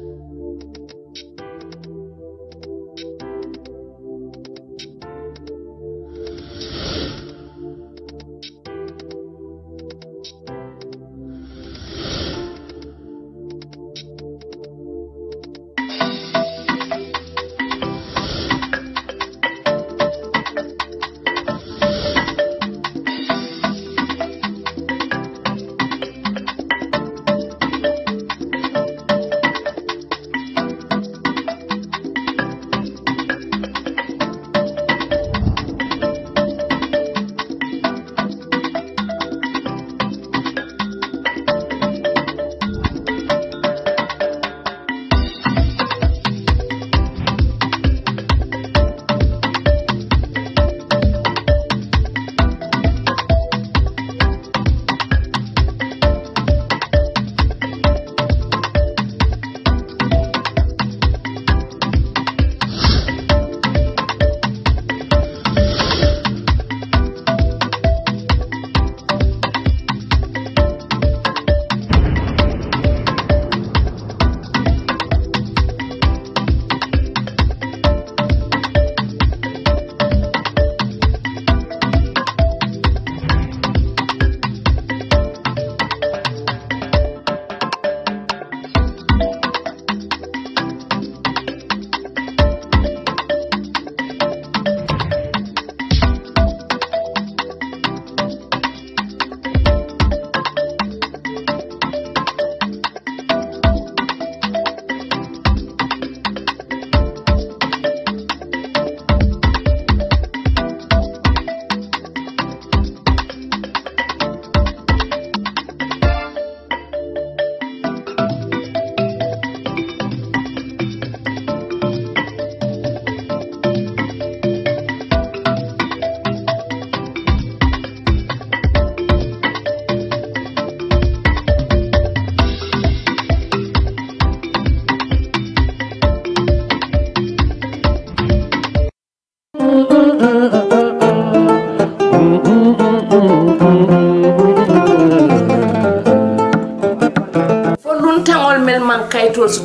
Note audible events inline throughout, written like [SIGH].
thank you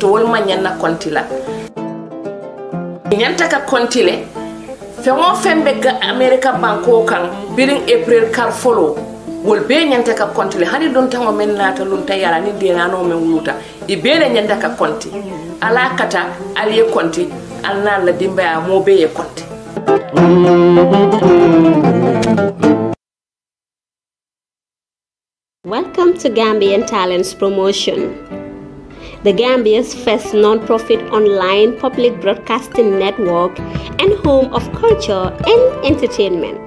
to wolma ñanna konti la ñanta ka konti le feŋo feŋ be ga america banko kan biriŋ april kar folo wol bee ñanta ka konti le hani duntaŋo meŋ naata lunta yala niŋ deenaanoo meŋ wuta i bee le ñanta ka konti ala kata ali ye konti ali naŋ la dimbaya mo be ye konti Welcome to Gambian Talents Promotion. the Gambia's first non-profit online public broadcasting network and home of culture and entertainment.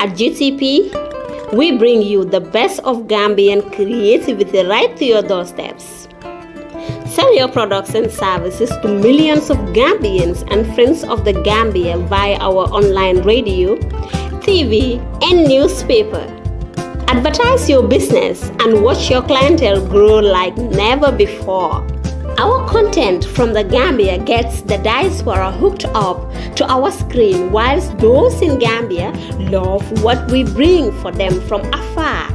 At GTP, we bring you the best of Gambian creativity right to your doorsteps. Sell your products and services to millions of Gambians and friends of the Gambia via our online radio, TV, and newspaper. Advertise your business and watch your clientele grow like never before. Our content from the Gambia gets the diaspora hooked up to our screen, whilst those in Gambia love what we bring for them from afar.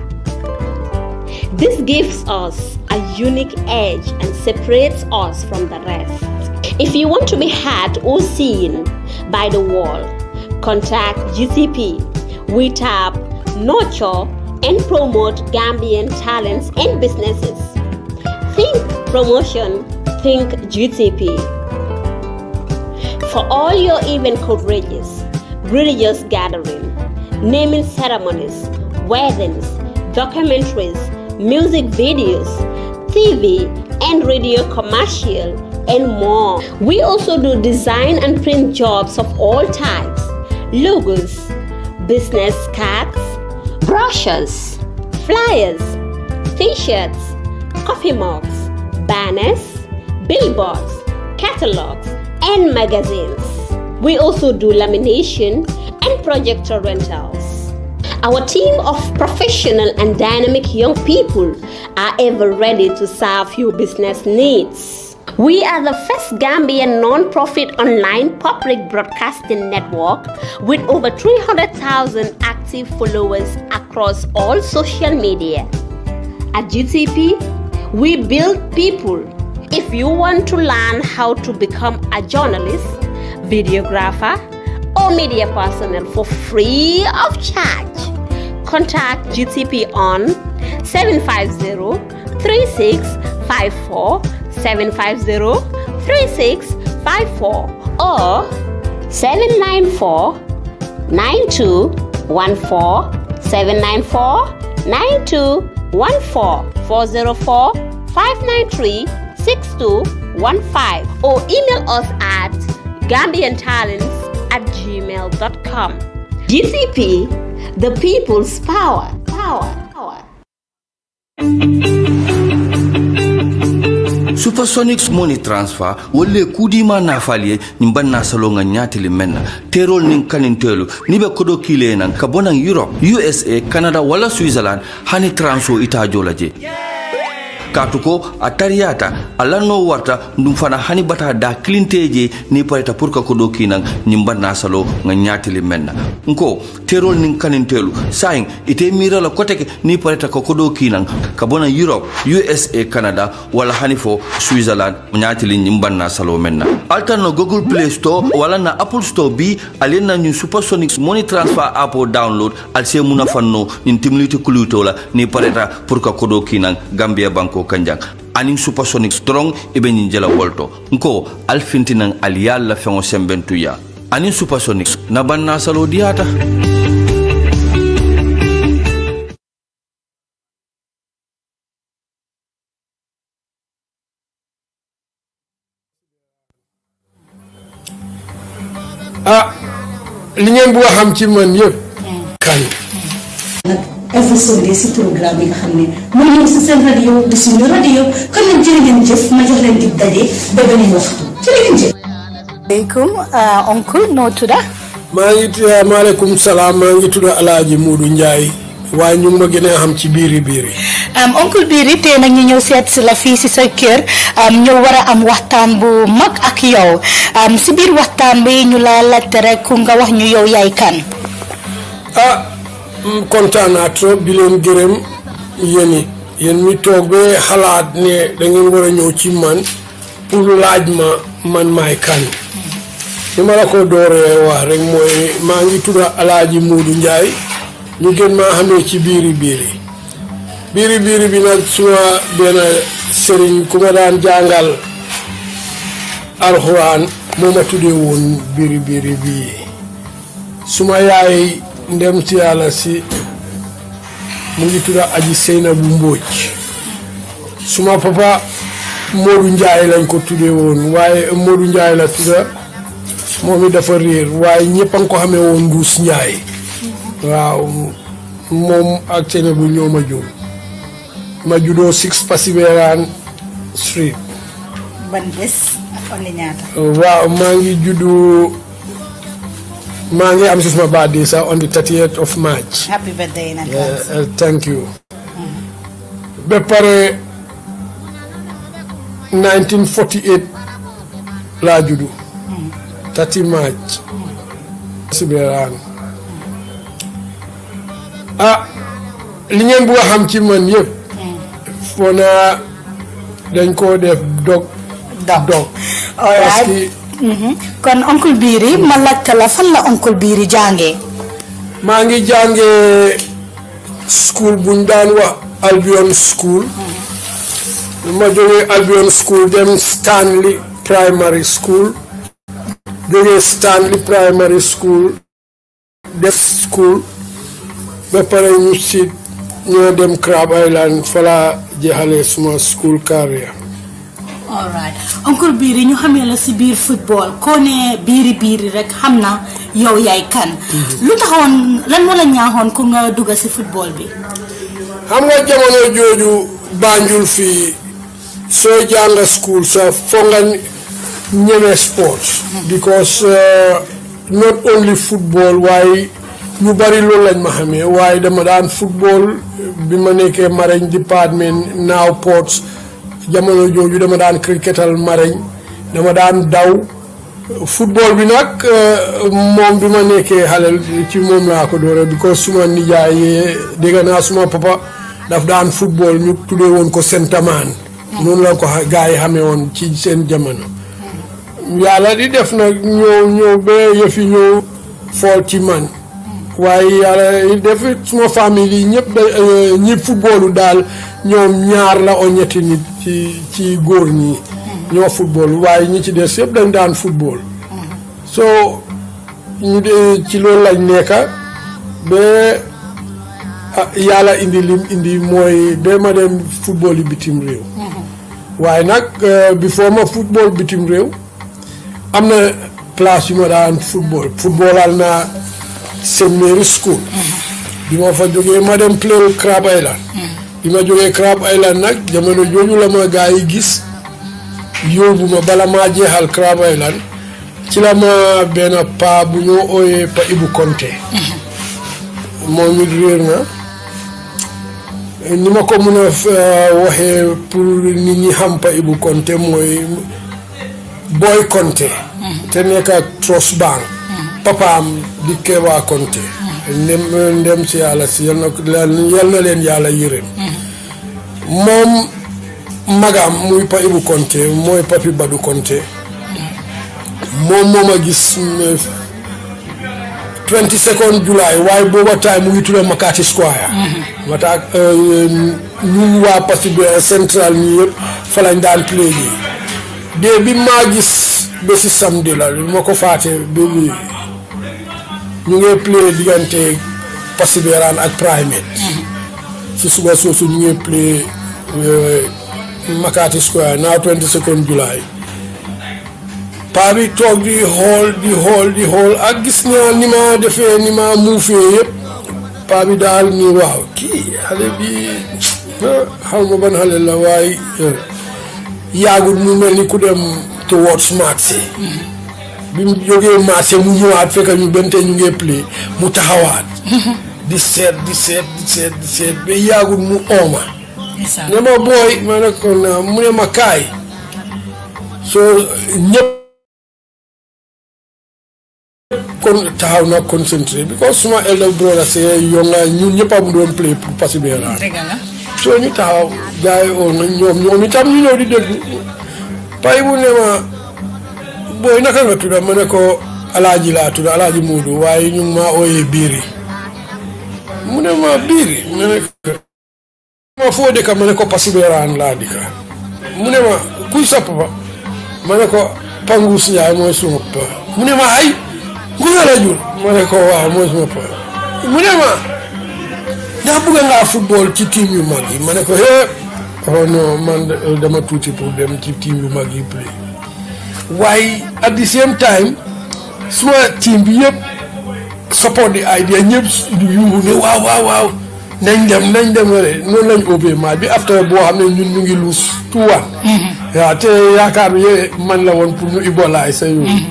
This gives us a unique edge and separates us from the rest. If you want to be heard or seen by the world, contact GCP. We tap, nurture, and promote Gambian talents and businesses. Think promotion, think GTP. For all your event coverages, religious gathering, naming ceremonies, weddings, documentaries, music videos, TV and radio commercial, and more. We also do design and print jobs of all types, logos, business cards, brochures, flyers, t-shirts, coffee mugs, banners, billboards, catalogs, and magazines. We also do lamination and projector rentals. Our team of professional and dynamic young people are ever ready to serve your business needs. We are the first Gambian non-profit online public broadcasting network with over 300,000 active followers across all social media. At GTP, we build people. If you want to learn how to become a journalist, videographer, or media personnel for free of charge, contact GTP on 750 3654 750 3654 or 794 9214 794 14-404-593-6215 or email us at gambiantalents at gmail.com. GCP, the people's power. Power. Power. supersonic money transfer wolle kudima na ye ni banna salonga nyati men na terol nin kanintelu ni be kodo kile nan ka bonan europe usa canada wala switzerland hani transo ita jolaje yeah! kaatu ko a tariyata a lanno warta ɗum fana hani bata da kilinteje ni pareta pour que ko ɗo kinan ñin banna salo ga ñatili menna nko terol nin kanintelu sayin ite mirala koteke ni pareta ko koɗo kinan ka bona europe usa canada wala hani fo switzerland ñatili ñin banna salo menna altan no google play store wala na apple store bi alen na ñin supersonic money transfer app download al se munafanno ñin timliti la ni pareta pour que koɗo kinan gambia banko ko kanjak anin supersonic strong ibe nyin jela wolto nko alfintinan aliyalla fengo ya anin supersonic na banna salo diata ah li ngeen bu xam ci man eh. kay eh. investir de euh, noo tudda. maa ngi tudd euh, maaleykum salaam maa ngi tudd El Hadj Modou waaye ñu ma gën a xam ci biiri biiri. Um, oncle biiri tey nag ñu ñëw seet si la fii ci sa kër um, ñu war a am waxtaan bu mag ak yow um, si biir waxtaan bi ñu la laajte rek nga wax ñu yow yaay kan. Ah, Mm, kontaan naa trop di leen gërëm yéen mi toog ba xalaat ne da ngeen war a ñëw ci man pour laaj ma man maay kan li ma la ko dooree mooy maa ngi tudda alaaji Muudu Njaay ñu gën maa xamee ci biiri biiri biiri biiri bi nag suma benn sëriñ ku daan jàngal alxuraan moo ma tuddee biiri biiri bii suma yaay ndem ci yalla si mu ngi tuda aji seyna bu mbóoj suma papa Modou Ndiaye lañ ko tudé won waye Modou Ndiaye la tuda momi dafa rir waye ñëpp a ko xamé won Nduus Ndiaye waaw mom ak seyna bu ñoo ma ma six Pasiberan street ban bés ak ñaata waaw ma ngi juddu maa ngi am si suma birthday sax on the 30th of March. happy uh, hmm. laa juddu. 30 hmm. March. si hmm. ah, li ngeen bugg a ci man yëpp. foo dañ koo def dog. dog parce que. Mhm. kon onkul Biri ma laajte la fan la onkul Biri jange. ma ngi jange school buñ daan wa Albion school. Mhm. ma joge Albion school dem Stanley primary school. joge Stanley primary school. def school. ba pare ñu ci ñoo dem Crab Island fala laa suma school carrière. all right Oncle Biri ñu xamee la si biir football koo ne biiri biiri rek xam na yow yaay kan. Mhm. lu taxoon lan moo la ñaaxoon ku nga dugg si football bi. xam nga jamono jooju Banjul fii soo jàng school sa foo nga ñeme sports. Mhm. because uh, not only football waaye ñu bari loolu lañ ma xamee waaye dama daan football bi ma nekkee marine department naaw ports. jamono jooju dama daan cricketal mareñ dama daan daw football bi nag euh, moom bi ma nekkee xale ci moom laa ko doore because suma nijaay dégg naa suma papa daf daan football ñu tuddee woon ko seen sentamaan noonu la ko gaa yi xamee woon ci seen jamono yàlla di def nag ñëw ñëw ba yëfi ñëw fool ci man waaye yàlla def suma famille yi ñëpp da euh, daal ñoom ñaar la o ñetti nit ci ci góor ñi ñoo football waaye ñi ci des yëpp dañ daan football ñu de ci loolu lañ nekka ba ah, yàlla indi lim indi mooy ba ma dem football bitim réew waaye nag euh, bi foo ma football bitim réew am na place yu ma daan football footballal naa semleri school bi ma fa joge ma dem play Crab Island Bima joge Crab Island nak, jamono joju la ma gaigis. yi gis yobuma ma bala ma jehal Crab Island ci la ma ben pa bu ñu oye pa Ibu Konte Mo ñu réer na ni ma ko mëna a euh, pour nit ñi xam pa Ibu Konte moy Boy Konte té nek ak Trust Bank papaam di Kéba Konté ndem ndem si na leen yàlla yërëm moom magaam muy Pa Ibu Konté mooy Papi Badu Konté moom moom a gis 22 euh, July waaye booba time mu ngi tuddee Makati Square wata mm-hmm. euh, ñu waa Pacific Central ñu yëpp fa lañ daan play ji dee bi maa gis ba si samedi la ma ko faate ba ñu ngi play diggante Perseverance ak Primate uh-huh. si suba soosu ñu ngi play euh, Makati Square naa 22 July paa bi toog di xool di xool di xool ak gis naa ni ma defee ni ma muufee yëpp paa bi daal ni waaw kii xale bi xaw ma ban xale la waaye euh, yaagut mu mel ni ku dem te woot smart si bi mu jógee marché mu ñëwaat fekk ñu bentee ñu ngee play mu taxawaat [LAUGHS] di seet di seet di seet di seet ba yaagul mu ooma ne ma booy ma ne ko mu ne ma kaay soo kon taxaw na concentré because suma elder brother see yonga ñu taxaw gars yi oo ñoom ñoom itam ñu ñëw di déglu pay bu ne ma boy naka nga tudd ma ko alaaji la tuda alaji muudu way ñu ma oye biri mu ma biri ma ko ma foo ka ma ko pasiberan laa dika mu ma kuy sa ba ma ko panguus njaay mooy suma papa mu ma ay ko la jur ma ko wa mooy suma papa mu ne ma ndax bëgg football ci team yu magi yi ma ko he oh non man eh, dama tuuti pour dem ci team yu mag play why at the same time suma team bi yëpp support the idea ñëpp yuuxu ne waaw waaw waaw nañ dem nañ dem rek noonu lañ obé maa bi after boo xam ne ñun ñu ngi luus tuwa mhm. waaw te yaakaar bi man la woon pour ñu ibolaay sa yooyu mhm.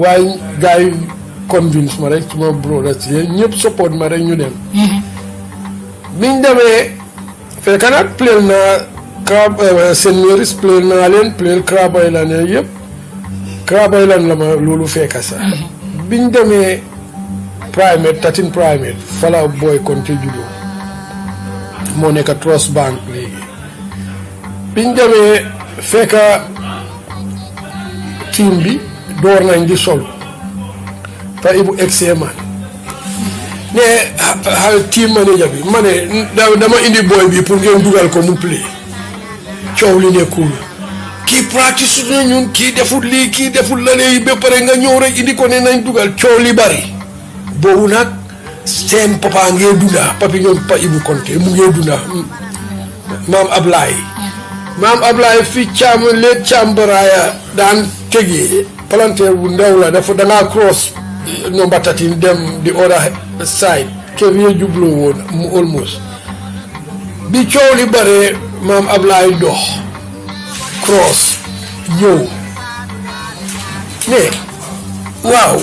waaye gars yi convince ma rek bro, broda si ñëpp support ma rek ñu dem mhm. biñ demee fekk nag pleel naa crab euh, seen mairis pleel naa leen pleel crab ay la ne yëpp Kraboyland la ma loolu fekka sax biñ demee primate tatin primate fala booy konte juddoo moo nekk Trust Bank léegi biñ demee fekka tiim bi door nañ di sol te Ibu egsee man ne xal ma manager bi ma ne dama indi booy bi pour ngeen dugal ko mu play coow li nekkul kii practice na ñun kii deful lii kii deful lalee yi ba nga ñëw rek indi ko ne nañ dugal coow li bari boobu seen papa ngee dunda papi ñoom pa Ibu Konte mu ngee dunda maam Ablaye maam Ablaye fi càmm léegi càmbaraaya daan tegee palanteer bu ndaw la dafa dangaa cross number thirteen dem di other side kër yee jubloo woon mu almost bi coow li bare maam Ablaye dox cross ñëw waaw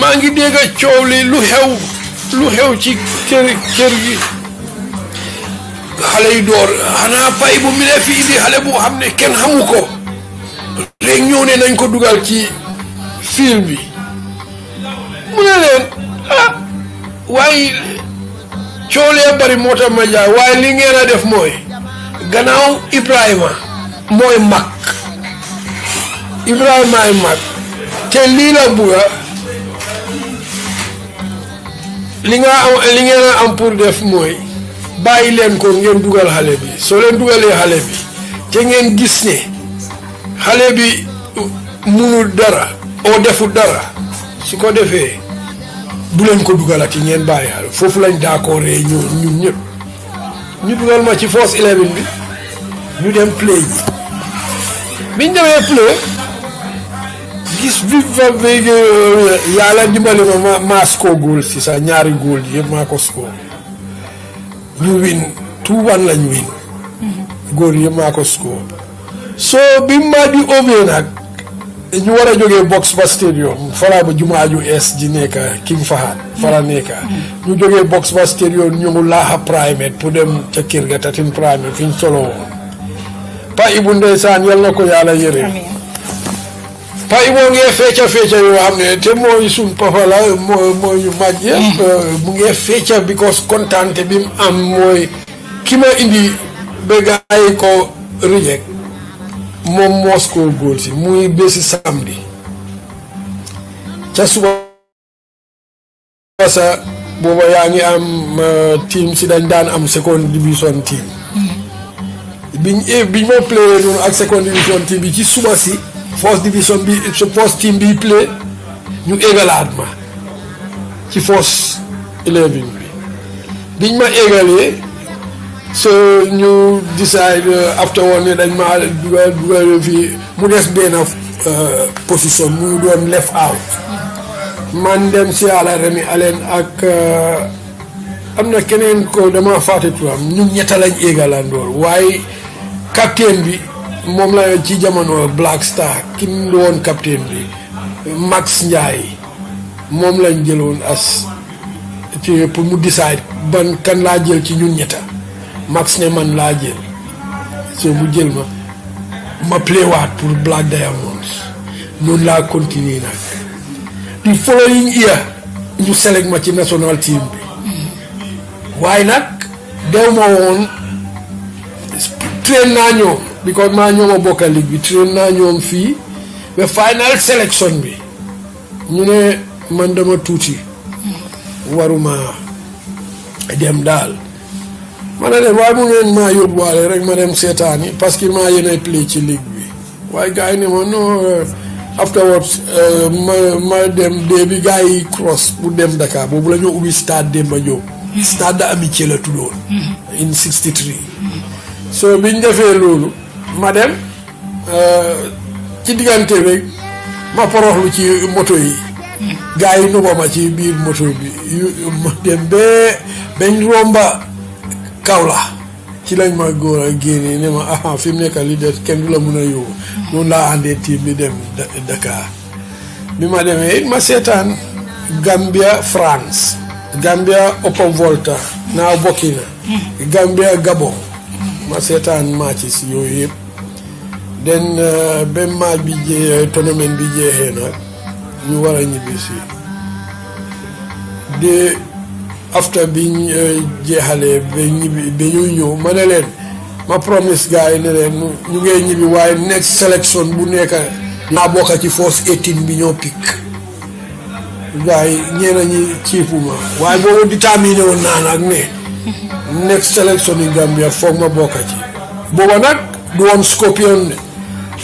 maa ngi dégg coow li lu xew lu xew ci kër kër gi xale yu door xanaa pay bu mi ne fi indi bu xam ne kenn xamu ko léeg ñëw ne nañ ko dugal ci film bi mu ne leen ah waaye coow lee bari moo tax ma li ngeen a def mooy gannaaw Ibrahima mooy mag Ibrahima ay mag te lii la bugga ah. li nga am li ngeen def mooy bàyyi leen ko ngeen dugal xale bi soo leen dugalee xale bi te ngeen gis ne xale bi munul dara oo deful dara su ko defee bu leen ko dugalati ngeen bàyyi xale foofu lañ d'accord ñoo ñun ñëpp ñu dugal ma ci foos 11 bi ñu dem play bi fa bi euh, yàlla dimbali ma ma maa score góol si sax ñaari góol yëpp maa ko score ñu win tout one lañ win. Mhm. góor yëpp maa ko score. soo bi ma di ovee nag ñu war a jógee box ba stadium fala ba jumaaju es ji nekk King Fahad. fala mhm. nekk mhm. ñu jógee box ba stadium ñëw laaxa primate pour dem ca kër ga tatin primate fi ñu solo Pa Ibou ndeysaan yal na ko yàlla yëre Pa Ibou ngee fecca fecca yoo xam ne te mooy suñ papa la mooy mooy mag mm. euh, mu ngee fecca because kontaante bi mu am mooy ki indi ba gaa ko reject moom moos koo góol si muy bési samedi ca suba sa booba yaa ngi am euh, team si dañ daan am seconde division team biñ eh, biñ ma playé noonu ak second division team bi ci suba si first division bi first team bi play ñu égalaat ma ci first eleven bi biñ ma égalee so ñu decide euh, after woon dañ ma dugal dugal fii mu des benn euh, position mu doon left out man dem si àlla remi aleen ak euh, am na keneen ko dama fàtte turam ñun ñetta lañ égalandool waaye capitaine bi moom la ci jamono Black Star ki mu woon capitaine bi Max Ndiaye moom lañ jëloon as ci pour mu décide ban kan laa jël ci ñun ñetta Max ne man laa jël soo mu jël ma ma pléwaat pour Black Diamonds noonu laa continuer nag di following year ñu select ma ci national team bi waaye nag dew ma woon train naa ñoom because maa ñoom a bokka ligue bi train naa ñoom fii ba final sélection bi ñu ne man dama tuuti waruma dem daal man ne leen waaye mu ngeen maa yóbbuwaale rek ma dem seetaan yi parce que maa yéenay play ci ligue bi waaye gars yi ne ma non euh, afterwards euh, ma ma dem dee bi gars yi cross bu dem Dakar boobu la ñu ubbi stade Demba Diop. Mm-hmm. stade d'amitié la tuddoon. Mm-hmm. in 63. soo biñ defee loolu ma dem euh, ci diggante bi ma poroxlu ci moto yi gars yi nuba ma ci biir moto bi ma dem ba bañ romba ci lañ ma góor ak génne ne ma ah fi mu nekk li kenn du la mun a yóbbu noonu laa àndee tiim bi dem Dakar bi ma demee it ma seetaan Gambia France Gambia Oppo Volta naa bokki Gambia Gabon ma seetaan match si yooyu yëpp den uh, ba match bi jeexee tournament bi jeexee nag ñu war a ñibbi si de after bi uh, jeexalee ba ñibbi ba ñuy ñëw ma ne leen ma promise gars yi ne leen ñu ngee ñibbi waaye next selection bu nekk naa bokka ci force 18 bi ñoo pikk gars yi ñeena ñi ciipuma waaye boobu déterminé woon naa ne next election in Gambia foog ma bokk ci booba nag du woon Scorpion ne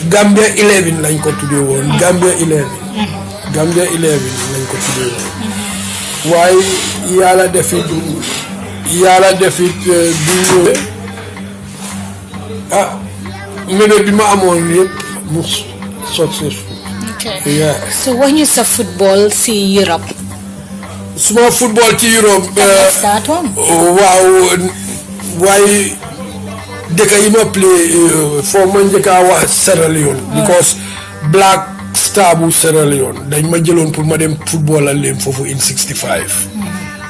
Gambia 11 lañ ko tuddee woon Gambia 11 Gambia 11 lañ ko tuddee woon waaye yàlla defit yàlla defit eh, du ñëwee ah mébét bi ma amoon yëpp mu successful. Yeah. so when you say football see Europe. suma football ci Europe. Euh, waaw waaye dëkk yi ma play euh, foo ma njëkk a wax Sierra Leone. because Black Star bu Sierra Leone dañ ma jëloon pour ma dem football leen foofu in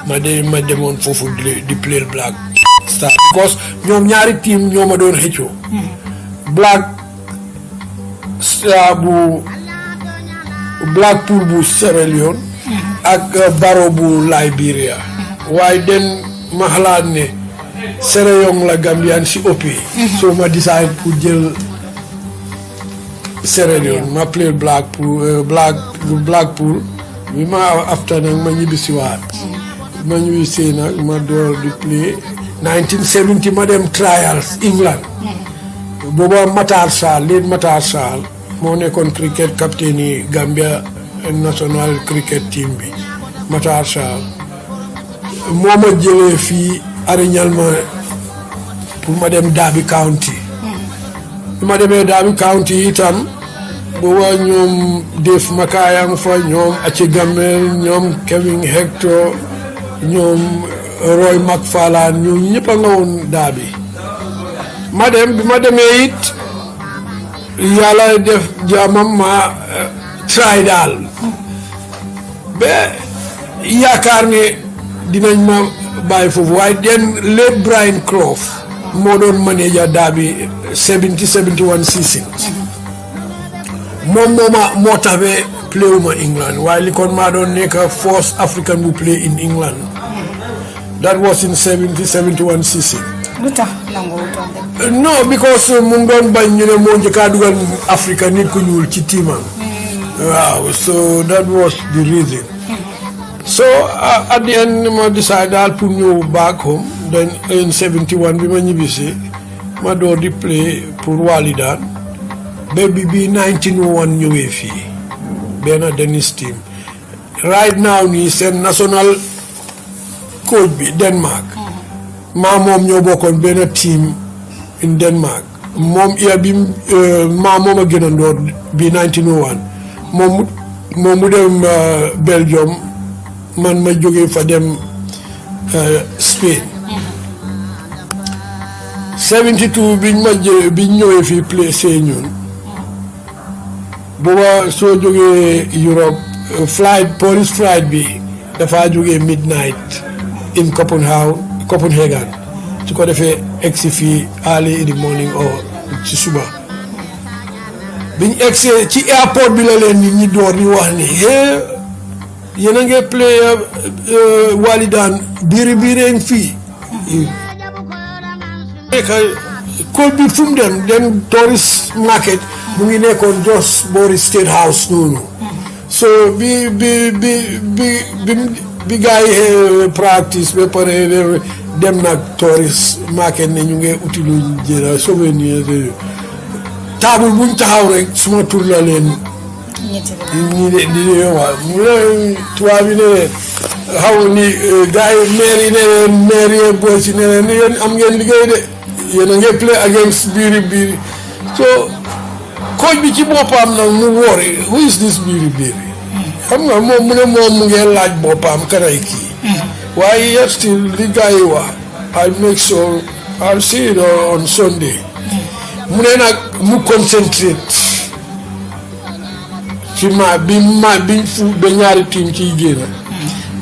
ma de ma demoon foofu di play Black Star. ñaari team ñoo ma doon xëccoo. Hmm. Black Star bu Blackpool bu Sierra Leone. ak baro liberia way den ma xalaat ne sereyong la gambian si opi so ma design pour jël sereyong ma play blackpool black euh, blackpool bi ma after nak ma ñibi ci waat ma ñibbi si nak ma door di play 1970 ma dem trials england bobo matar sal len matar sal mo nekkoon cricket captain gambia national cricket team bi Matar Sarr moo ma jëlee fii ariñal ma pour ma dem Derby County ma demee Derby County itam booba ñoom Dave Makayang fa ñoom Achi Gamel ñoom Kevin Hector ñoom Roy McFarlane ñoom ñëpp a nga woon Derby ma dem bi ma demee it yàlla def jaamam ma eh, try daal be yaakaar ne dinañ ma bay fofu way den le Brian Croft mo don manager daabi 70 71 season mom moma ma moo playuma England way li kon don nek force african bu play in England that was in 70 71 season lu tax nangoo because mu don bañ ñu ne mo njëkkaa dugal Africa nit ku ñuul ci tiimam waaw so that was the reason so uh, at end ma decide daal pour ñëw back home then in 71 bi ma ñibbisee ma door di play pour Walidaan baby bi 1901 ñëwee fii benn Denis team right now nii seen national coach bi Denmark maa moom ñoo bokkoon benn team in Denmark moom iya bi uh, maa moom a gënandoor bi 1901 moom mu dem euh, Belgium man ma jóge fa dem euh, Spain 72 biñ ma jë biñ ñëwee fii placé ñun booba soo jógee Europe euh, flight police flight bi dafaa jógee midnight in Copenhagen Copenhagen su ko defee egsi fi early in the morning or ci suba biñ egsee ci airport bi la leen nit ñi door di wax ni hee yéen a ngi play euh, euh, walidaan biiri biireen fii nekka kool bi fu mu dem tourist market mu ngi nekkoon jos boori state house noonu so bi bi bi bi bi gars yi euh, practice ba pare dem nag tourist market ne ñu ngi uti luñ jëla souvenir taabul buñ taxaw rek suma tur la leen. ñi de di leen wax mu ne tubaab yi ne leen xaw ni euh, gars yi maire yi ne leen maire yee boos yi ne leen am ngeen liggéey de yéen a ngeen play against biiri biiri so coach bi ci boppam na mu woori who is this biiri biiri xam nga moom mu ne moom mu ngeen laaj boppam kanay kii waaye yet still li gars yi wax I make sure I'll see it on Sunday mu ne nag mu concentré ci ma bi ma biñ fu ba ñaari tiim ciy génn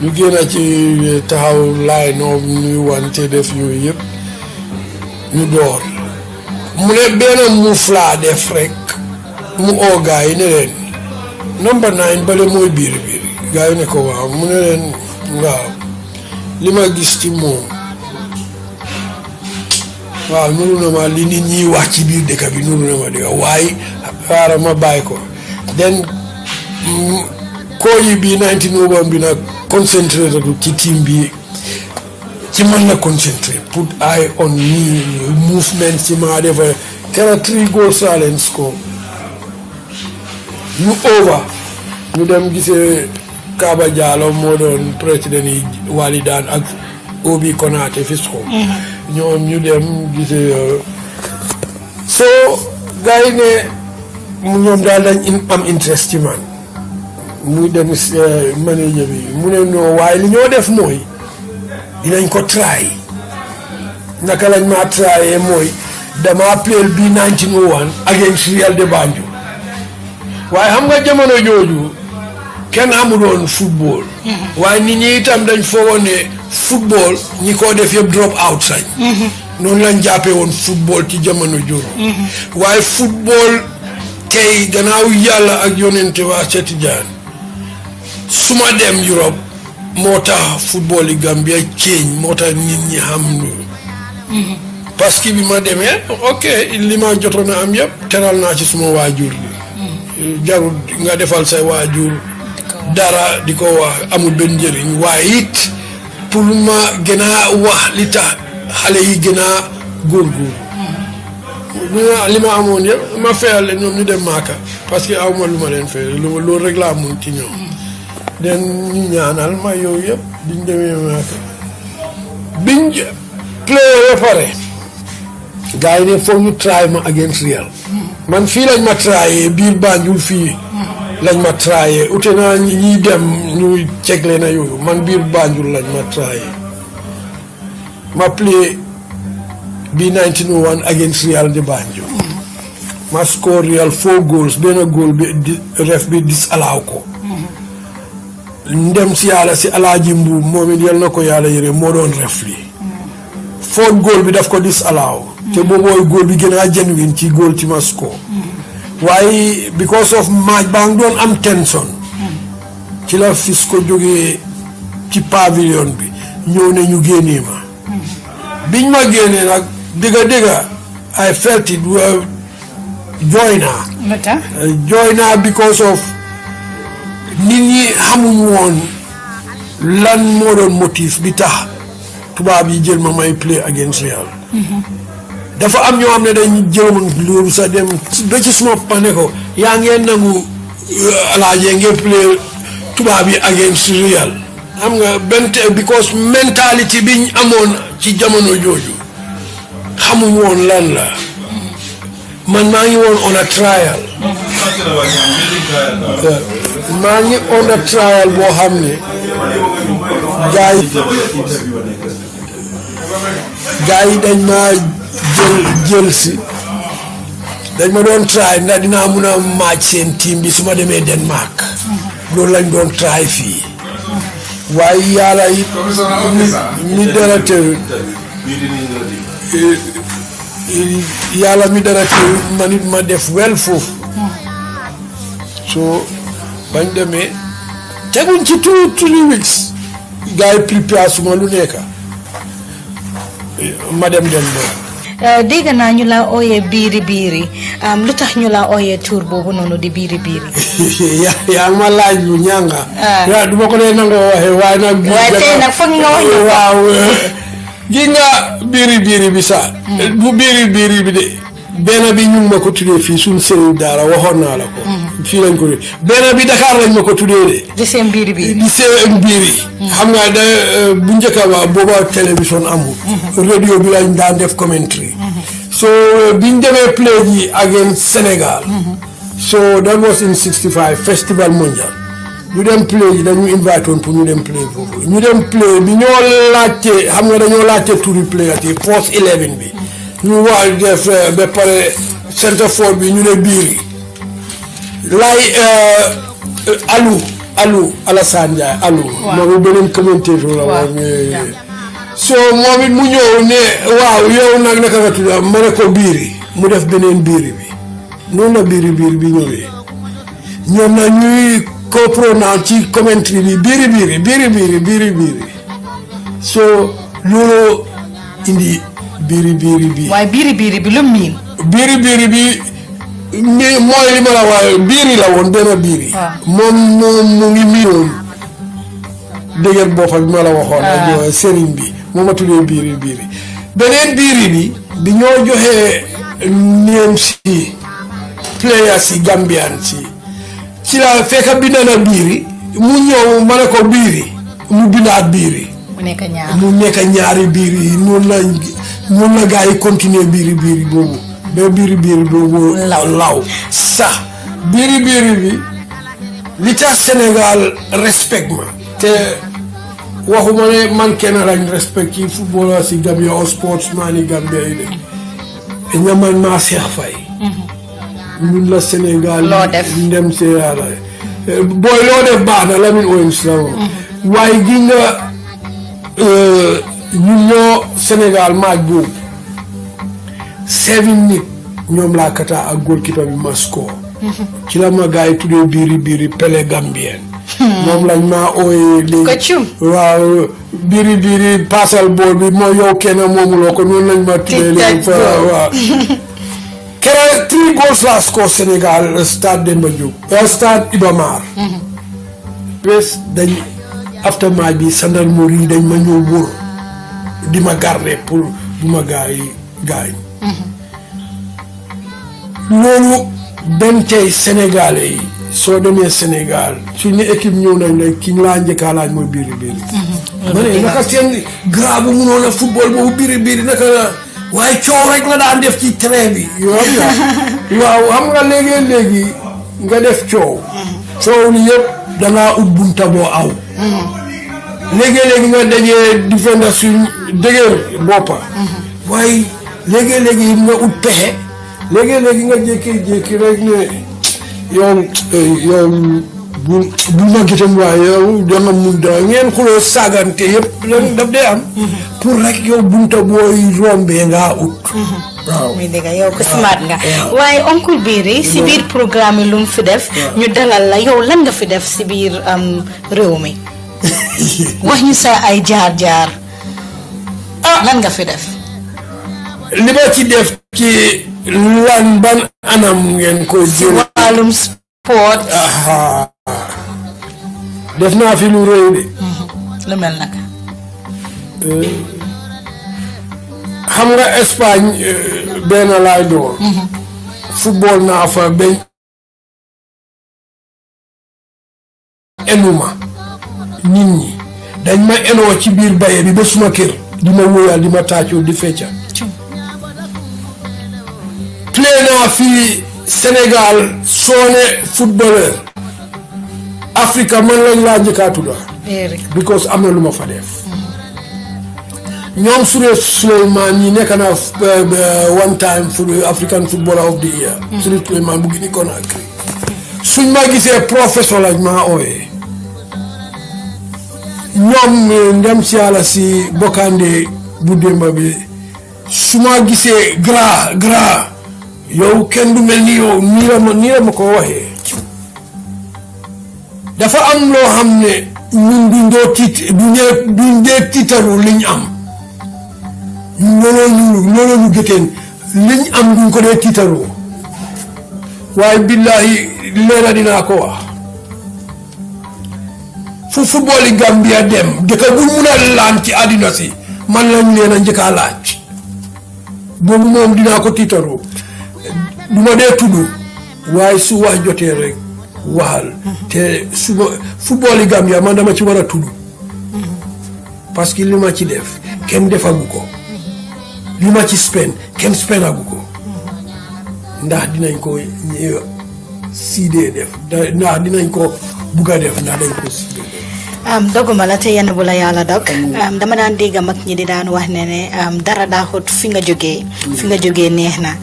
ñu génn ci euh, taxaw laay noom ñuy wante def yooyu yëpp ñu door mu ne benn muuf laa def rek mu oo gaa yi number nine bale mooy biir biir gaa yi ne ko waaw mu ne leen waaw li ma gis ci moom waaw nuru na ma li nit wax ci biir dëkk bi nuru na ma di waaye xaaral ma bàyyi ko den kooñi bi 19 novembre bi nag concentré ci team bi ci man la concentré put eye on me movement ci maa defa kera three goals laa leen score over ñu dem gisee Kaba Diallo moo doon président yi Walidaan ak Obi Konaté fi score mm-hmm. ñoom ñu dem gisee euh, soo gars yi ne ñoom daal dañ am interest ci man muy dem euh, manager bi mu ne non waaye ñoo def mooy dinañ ko try naka lañ maa tryee mooy dama play bi 1901 against Real de Banjul waaye xam nga jamono jooju. kenn amul woon football. Mm-hmm. waaye nit ñi itam dañ foogoon ne football ñi ko def yëpp drop out sañ. Mm-hmm. noonu lañ jàppee woon football ci jamono juróom. Mm-hmm. waaye football tey gannaaw yàlla ak yonente waa Tijaan su ma dem Europe moo tax football yi Gambia ceeñ moo tax nit ñi xam loolu. que bi ma demee ok li ma jotoon am yëpp teral naa ci suma waajur bi. nga defal say waajur. dara di ko wax amul benn njëriñ waaye it pour ma gën a wax li tax xale yi gën a góorgóorlu li ma amoon yëpp ma fayal leen ñoom ñu dem maaka parce que aw ma lu ma leen fayal loolu rek laa mun ci ñoom den ñaanal ma yow yëpp biñ demee maaka biñ play ba pare gars yi ne foog ñu try ma against real man fii lañ ma tryee biir Banjul fii lañ ma trahé ute naa ñiy dem ñu cegle na yooyu man biir Banjul lañ ma trahé ma play bi 1901 against Real de Banjul ma score Real four goals benn goal bi ref bi disalaaw ko ndem si yàlla si alaaji mbuub moom it yal na ko yàlla yére moo doon ref li four goal bi daf ko disalaaw te boobu mooy goal bi gën a genuine ci goal ci ma score waaye because of maaj baa ngi doon am tension ci la fis ko jógee ci pavillon bi ñëw ne ñu génnee ma biñ ma génnee nag dëgga dëgga I felt it jooy naa jooy naa because of nit ñi xamuñ woon lan moo doon motif bi tax tubaab yi jël ma may play against yàlla dafa am ñoo xam ne dañ jëloon loolu sax dem ba ci suma ne ko yaa ngeen nangu euh, alaajee ngeen play tubaab yi against real xam nga benn because mentalité biñ amoon ci jamono jooju xamuñ woon lan la man maa ngi woon on a trial maa ngi on a trial boo xam ne gars yi dañ maa jël jël si dañ ma doon try ndax dinaa mun a maaj seen tiim bi su ma demee Denmark loolu lañ doon try fii waaye yàlla it mi dara teewul yàlla mi dara teewul ma def wel foofu so bañ demee teguñ ci two three weeks gars yi prépare suma lu nekk ma dem dem Eh, dégg naa ñu la ooyee biiri biiri lu tax ñu la ooyee tur boobu noonu di biiri biiri. [LAUGHS] yaa ma laaj bu ñànga. waaw ko dee nangoo waxee waaye nag. [LAUGHS] biiri biiri bi sax. Hmm. bu biiri biiri bi de. benn bi ñu ma ko tuddee fii suñu sëriñ daara waxoon naa la ko. Mhm. fii lañ ko benn bi Dakar lañ ma ko tuddee de. di seen biir biir di seen biir mhm. xam nga da euh, bu njëkk ba booba télévision amul. Mhm. radio bi lañ daan def commentary. soo biñ demee play ji against Sénégal. so that was in 65 festival mondial. ñu dem play ji dañu invité woon pour ñu dem play foofu ñu dem play bi ñoo laajte xam nga dañoo laajte turi play at yi force 11 bi. Yuval Geffer be pare centerfold bi ñu ne biiri lay Aliou alu, Alassane Ndiaye Aliou moom it beneen commentateur la moom so moom it mu ñëw ne waaw yow nag naka nga tudd ma ne ko biiri mu def beneen biiri bi noonu la biiri biiri bi ñëwee ñoom nag ñuy ko pronoun ci commentary bi biiri biiri so loolu indi biiri biiri bi. waaye bi lu miin. biiri biiri bi mi mooy li ma la waaye biiri la woon benn biiri. Ah. moom moom mu ngi miinoon dégg boppa bi ma la waxoon. ak ah. sëriñ bi moo ma tuddee biiri biiri. beneen biiri bi bi ñoo joxee neem si players yi Gambian si ci la fekk bind na biiri mu ñëw ma ne biiri mu bindaat biiri. mu nekk ñaari mu nekk ñaari biiri noonu lañ. mun na gaa yi continuer biiri biiri boobu ba biiri biiri boobu law sax biiri biiri bi li ca Sénégal respect ma te waxuma ne man kenn lañ respect ci footballeur si Gambia au sportsman yi Gambia yi de ñamal maa Seex Fay mm-hmm. ñun la Sénégal ndem see yàlla booy loo def baax na Lamine Owens la mm-hmm. waaye gi ñun ñoo Sénégal maaj boobu seven nit ñoom laa kataa ak góorkipa bi Masco [LAUGHS] ci la ma tuddee biiri biiri Pele Gambien hmm. moom lañ maa ooyee léegi waaw biiri biiri paasal bool bi mooy yow kenn moomuloo ko noonu lañ ma tuddee léegi waaw [LAUGHS] keroog three goals laa score Sénégal stade Demba Diop euh, stade Iba Mar hmm. dañ after match bi sandal mor dañ ma ñëw wóor di ma garder pour bu ma gaa yi gaañ loolu dem tey sénégalais yi soo demee Sénégal suñu équipe ñëw nañ la ki ñu laa njëkkaa laaj mooy biiri biiri mhm. ma naka seen gra bu munoon a football boobu biiri biiri naka la waaye coow rek la daan def ci train bi yow [LAUGHS] waaw nga léegi léegi nga def coow mhm. coow li yëpp dangaa ut boo aw mhm. léegi-léegi nga dajee différence yu dëgër boppa waaye léegi-léegi yi nga ut pexe léegi-léegi nga jékki-jékki rek ne yow bu bu mag itam waaye yow danga mun da ngeen xuloo saagante yëpp leen daf dee am pour rek yow bunta booy rombee ngaa ut waaw muy dëgg yow ko nga waaye oncle Biri si biir programme yi lu mu fi def ñu dalal la yow lan nga fi def si biir réew mi wax ñu sa ay jaar-jaar ah lan nga fi def li ma ci def ci lan ban anam ngeen ko jël wàllum sport def naa fi lu réew de mm-hmm. lu mel naka eh, xam nga Espagne eh, benn laay door mm-hmm. football naa fa benn enuma nit ñi dañ ma enoo ci biir baye bi ba suma kër di ma wóoyaal di ma taccu di fecca play naa fii sénégal soone footballeur afrika man lañ la jëka tudda because amna luma fa def ñom suré Souleymane ñi nek na uh, one time african footballer of the year mm. suré Souleymane bu Guinée konakri. suñ ma gisé professeur lañ ñoom euh, ndem si yàlla si bokkande bu démba bi suma gisee gra gra yow kenn du mel ni yow nii ma ko waxee dafa am loo xam ne ñun duñ doo tiit duñ dee tiitaru liñ am looloo looloo ñu gëteen liñ am duñ ko dee tiitaru waaye billahi leena dinaa ko wax fu football yi Gambia dem dëkk bu mun a laan ci àddina si man lañ leen a njëkk a laaj boobu moom dinaa ko tiitaru du ma dee tudd waaye su wax jotee rek waxal te su ma football man dama ci war a tudd parce que li ma ci def kenn defagu ko li ma ci spend kenn spendagu ko ndax dinañ ko ñëw dee def ndax dinañ ko bugg doguma la te yenn bu la yàlla dog dama daan dégg mag ñi di daan wax ne ne dara daaxut fi nga jógee fi nga jógee neex na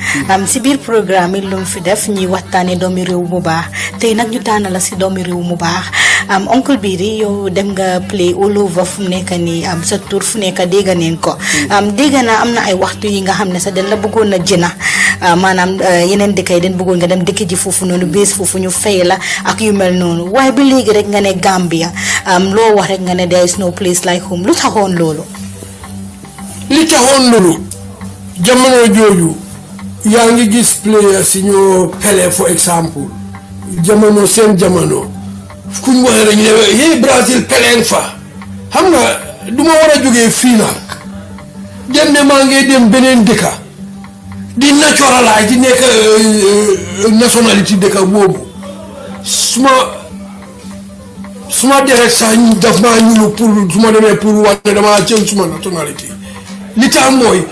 si biir programme yi lu fi def ñuy waxtaane doomi réew mu baax tey nag ñu tànn la si doomi réew mu baax am oncle Biri yow dem nga play all over fu mu nekk nii am sa tour fu nekk dégg neen ko hmm. am dégg naa am na ay waxtu yi nga xam ne sa dañ la bëggoon a jëna ah, maanaam eh, yeneen dëkk yi dañ bëggoon nga dem dëkk ji foofu noonu bés foofu ñu fay la ak yu mel noonu waaye ba léegi rek nga ne Gambia am loo wax nga ne there is no place like lu taxoon loolu. li taxoon loolu. jamono jooju. yaa ngi gis players si ñoo pele for example jamono seen jamono. ku ñu waxee rek ñu peleen fa xam nga du ma war a jógee fii nag dem maa ngi dem beneen dëkka di naturalize di nekk euh, euh, nationalité dëkka boobu suma suma deret sax daf maa pour su ma demee pour wax ne damaa jël suma nationalité li tax mooy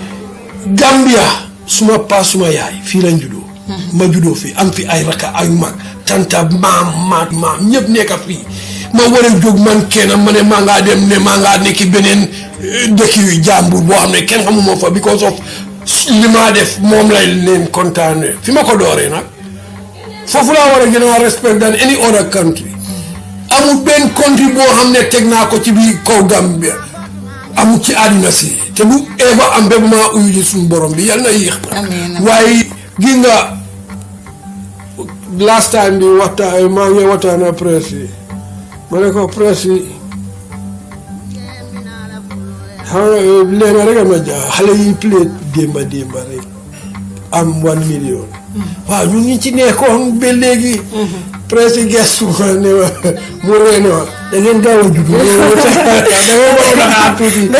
Gambia suma pas suma yaay fii lañ juddoo ma juddoo fi am fi ay raka ay mag tanta maam maat maam ñëpp nekka fii ma war a jóg man kenn ma ne maa dem ne maa ngaa nekki beneen eh, dëkk yu jàmbur boo xam ne kenn xamuma fa because of li maa def moom lay leen kontaanee fi ma ko dooree nag foofu laa war a gën a respect than any other country amul benn country boo xam ne teg naa ko ci biir kaw Gambia amul ci àddina si te bu eva am bépp maa uyu ji suñu borom bi yal na yéex waaye gi nga last time bi waxtaan maa ngi waxtaan ma ne ko presse yi xam ma ja xale yi play démba démba rek am one million mm-hmm. waaw ñu ngi ci nekkoon ba léegi mm-hmm. presque gestu ko ne ma mu ree gaaw a jublu [LAUGHS] da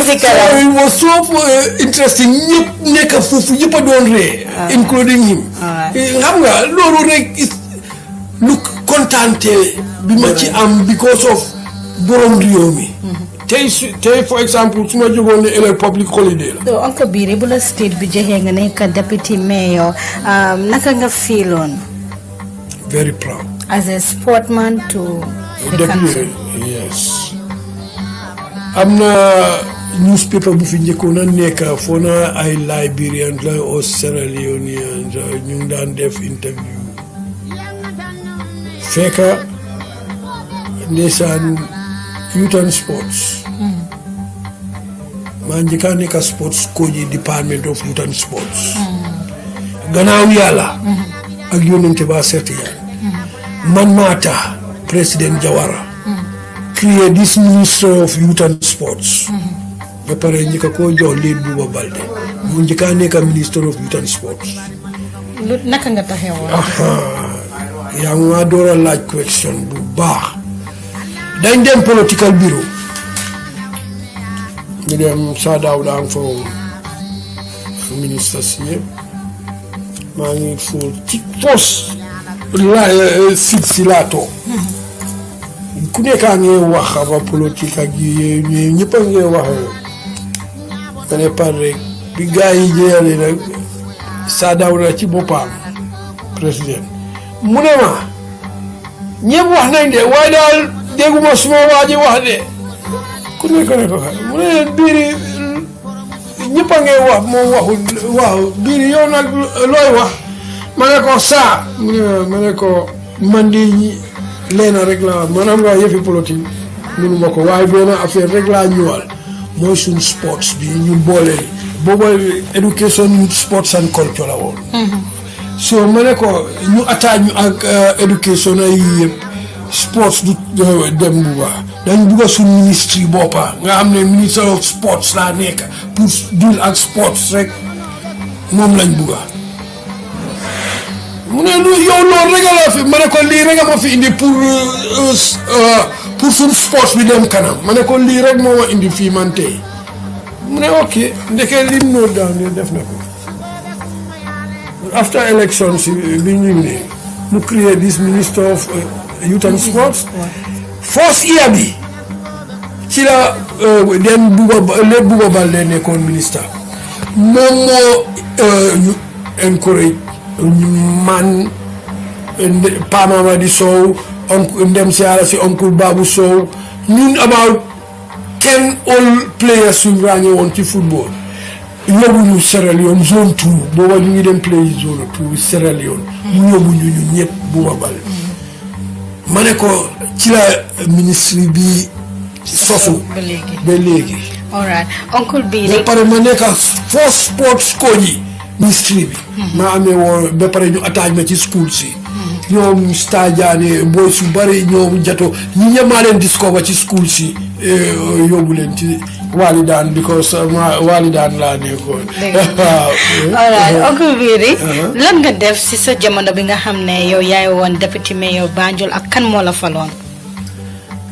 [LAUGHS] euh, ñëpp nekk foofu ñëpp doon ree. Ah. including him ah. eh, xam nga loolu rek lu kontaante bi ma ci am because of borom réew mi. Mm-hmm. tey su for example su ma jógoon ne élève public holiday la. donc Biri bu la state bi joxee nga nekk deputy mayor um, naka nga fiiloon. very proud. am na newspaper bu fi njëkkoon a nekk foo na ay Liberian la au Sierra Leonean ngi daan def interview fekk ndeysaan youth and sports. Hmm. maa njëkk a sports coach yi of youth sports. Hmm. gannaaw yàlla. Hmm. ak yónnante ba seeti yàlla. Mamata, President Jawara, create this Ministry of Youth and Sports. ba pare ñi ko koo jox leen buuba balde mu njëkkaa nekk ministre of youth and sports naka nga taxewoon yaa ngi door a question bu baax dañ dem political bureau ñu dem saadaaw daa ngi fa woon ministre si ngi fóol ci poste Eh, eh, silsilaatoo ku nekkaa ngay wax xama politique ak yi yooyu ñëpp wax nga ne par rek bi gars yi jëlee nag saa daaw na ci boppam président mu ne ma ñëpp wax nañ de waaye daal dégguma suma waa ji wax de ku nekk ne ko xam mu ne biiri ñëpp wax moom waxul waaw biiri yow nag looy wax ma ko saa mu ne ma ne ko man di leen rek la man am nga yëfi politique mënuma ko waaye benn affaire rek laa ñëwal mooy suñ sports bi ñu boole booba éducation youth sports and culture la woon mhm. so ma ne ko ñu attaque ñu ak euh, éducation ay yëpp sports du euh, dem bu baax dañ bugg a suñ ministre nga xam ne ministre of sports laa nekk pour deal ak sports rek moom lañ buga mu ne yow loolu rek la fi ma ne ko lii rek ma fi indi pour euh, euh, pour suñu sport dem kanam ma ne ko lii rek moo ma indi fii man mu ne ok ndeke lim noo daan def na ko after election si bi ñu ne mu créer this minister of euh, youth and sports first year bi ci la Buba lépp Buba Baldé nekkoon ministre moom moo encourage man pa mamadi sou onkou babou sou nin about ten ol players yon ki futbol yon yon yon sèra leyon zon 2 yon yon yon yon man eko chila ministry bi soso onkou bi man eko fosport skoji ministry bi. maa amee woon ba pare ñu attaaj ma ci school si. ñoom stadiane booy su bari ñoom jato ñi ñëpp maa leen discover ci school si. Eh, yóbbu leen ci walidaan because uh, ma walidaan laa nekkoon. [LAUGHS] waaw. oncle uh-huh. Biri uh-huh. lan nga def si sa jamono bi nga xam ne yow yaay woon deputy mayor Banjul ak kan moo la faloon.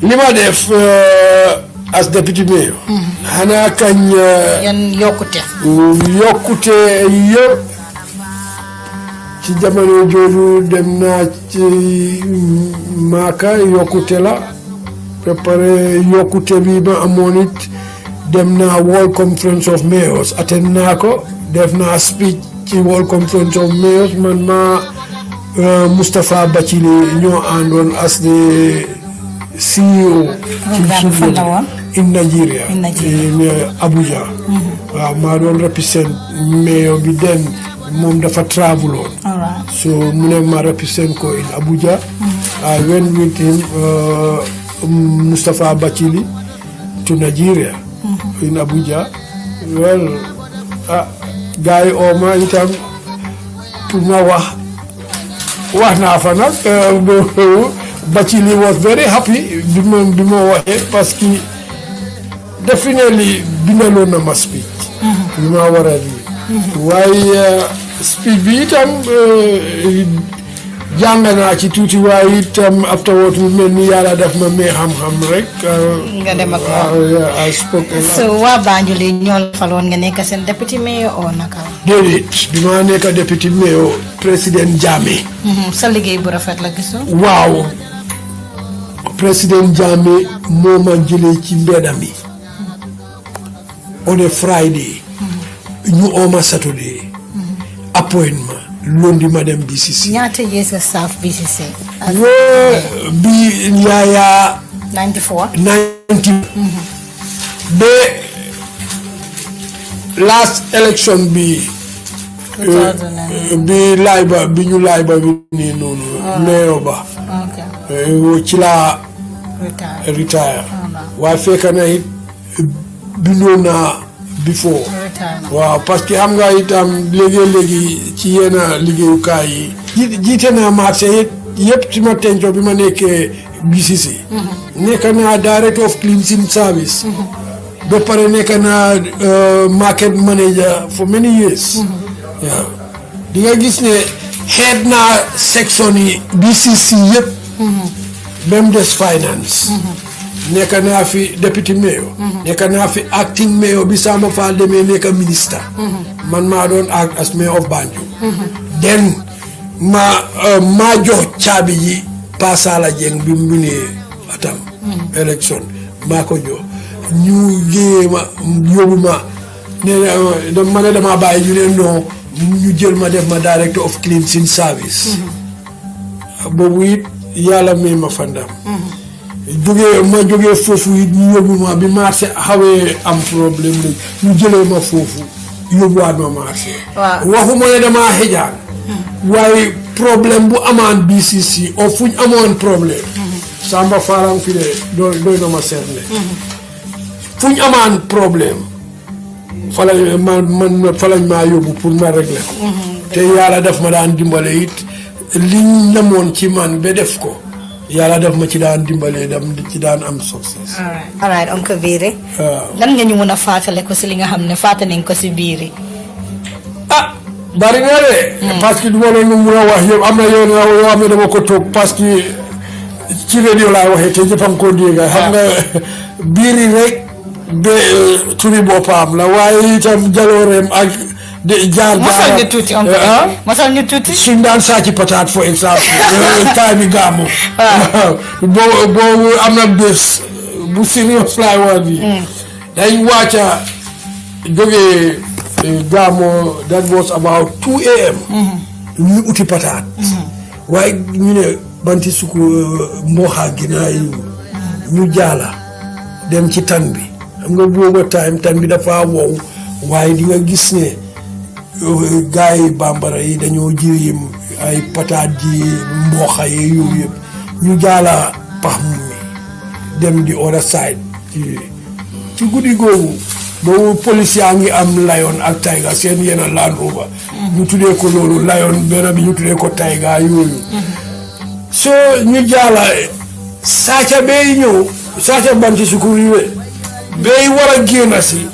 li ma def. Uh, as député maire. xanaa kañ. Euh, yokkute. yokkute yëpp ci jamono jooju dem naa ci maaka yokkute la préparé yokkute bi ma amoon dem naa World Conference of Mayors attend naa ko def naa speech ci World Conference of Mayors man ma euh, Moustapha Bathily ñoo àndoon as de. CEO ci suñu in Nigeria eh, Abuja mm-hmm. waaw maa doon represent mayor bi den moom dafa travel woon mu ne ma represent ko in Abuja mm-hmm. I went with Mustafa uh, um, Bachili to Nigeria mm-hmm. in Abuja well ah gars yi oo ma pour ma wax wax naa fa nag eh, [LAUGHS] Bacili was very happy bi ma bi ma waxee parce que definitely bindaloon na ma speech. bi ma war a lii. waaye uh, speech bi itam uh, jàng naa ci tuuti waaye itam afterward mu mel ni yàlla def ma may xam-xam rek. nga dem ak moom baa uh, spoke a lot. ñoo la faloon nga nekk seen deputy mayor oo naka déedéet bi ma nekk député mayor président Jammeh. Mm-hmm. sa liggéey bu rafet la gisoo. waaw président Jammeh moo ma jëlee ci mbedd mi. on est Friday. Mm-hmm. ñu ooma Saturday. Mm-hmm. appointment lundi ma dem BCC. ñaata yee sa staff BCC. bi yaaya. 94 90. ba. last election bi eh, bi laay ba bi ñu laay ba bi nii noonu ah. eh, ci laa retire ah, waaye fekk na it bindoon naa before waaw parce que xam nga itam léegi-léegi ci yenn liggéeyukaay yi jiite naa marché yëpp ci ma tenco bi ma nekkee BCC mhm. nekk naa director of cleansing service mhm. ba pare nekk naa euh, market manager for many years. Mm-hmm. di nga gis ne xeet naa section yi BCC yëpp. Mm-hmm. même des finance. Mm-hmm. nekk naa fi deputy mayor. nekk naa fi acting mayor bi Samba Fall demee nekk minister. man maa doon act as mayor of Banjul. ma euh, maa jox caabi ji Pasala bi mu ne atam. élection maa ko jox. ñu yee ma yóbbu ma ne ma ñu jël ma def ma director of cleansing service. Mm-hmm. boobu it yàlla may ma fandam mm-hmm. jógee ma jógee ñu yóbbu ma bi marché xawee am problème ñu jëlee ma foofu yóbbuwaat ma marché. waxuma ne damaa xijaan. Mm-hmm. waaye problème bu amaan BCC o fu ñu amoon problème. Samba Faram fi de doy doy ma seet ne fu ñu amaan problème fa ma man fa lañ maa yóbbu pour ma régler ko. Mm-hmm. te yàlla def ma daan dimbale lii liñ namoon ci man ba def ko yàlla daf ma ci daan dimbale dam ci daan am succès. all right oncle Biri. lan nga ñu mën a fàttale ko si li nga xam ne fàttali nañ ko si biiri. ah bari na de. Mm. parce que du ma leen mun a wax yow am na yoon yoo xam ne dama ko toog parce que ci rajo laa waxee te jëfandikoo dégg ah. nga xam nga biiri rek. turi boppam la waaye itam jalooreem ak. di jaar mosal ñu tuuti on eh, ah? mosal ñu tuuti. suñ daan sàcc pataat for exemple. [LAUGHS] Eh, time yi gàmmu. [LAUGHS] boobu am na bés bu serious laay wax bi. Hmm. dañ wàcca jógee eh, gàmmu that was about 2 am. Hmm. ñu uti pataat. Hmm. waaye ñu jaala dem ci tan bi. xam nga booba time tan bi dafa wow waaye di nga gis ne euh, gars yi bambara yi dañoo ji ay pataat ji mbooxa yi yooyu yëpp ñu jaala pax mu mi dem ngi am Lion ak Tiger seen yenn ko ñu tuddee ko Tiger yooyu saaca bee ñëw saaca ban sukkur yi we bay war a génn si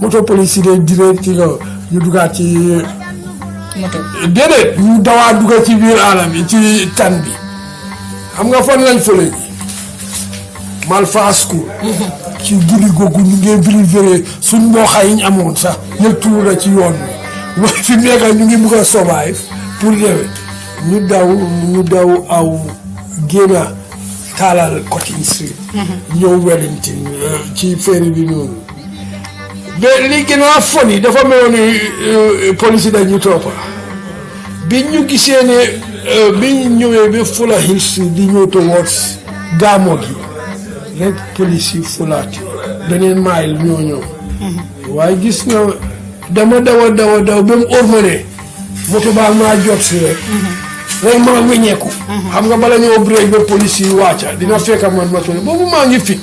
moto police yi de diree ci la ñu dugaat ci moto ñu dawaa dugal ci biir àll bi ci tan bi xam nga fan lañ fële Malfa School [LAUGHS] ci guddi googu ñu ngi vérifié suñ mbooxa yi ñu sax ñu tuur la ci yoon bi waaye fi mu nekk ñu ngi bëgg a survive pour ñu daw ñu daw aw génna taalal Cotting Street. ñëw euh, ci ferry bi noonu. mais li gën a foni dafa mel ni da euh, dañu toppa bi ñu gisee euh, bi ñu ñëwee ba Fula Hills di ñëw towards Gamo gi rek police yi fulaat beneen mile ñoo waaye gis na dama daw a daw a daw ba mu moto baa maa jot si day mën a wéññeeku. Mhm. xam nga bala ñoo break ba police yi dina fekk man ma toll boobu maa ngi fit.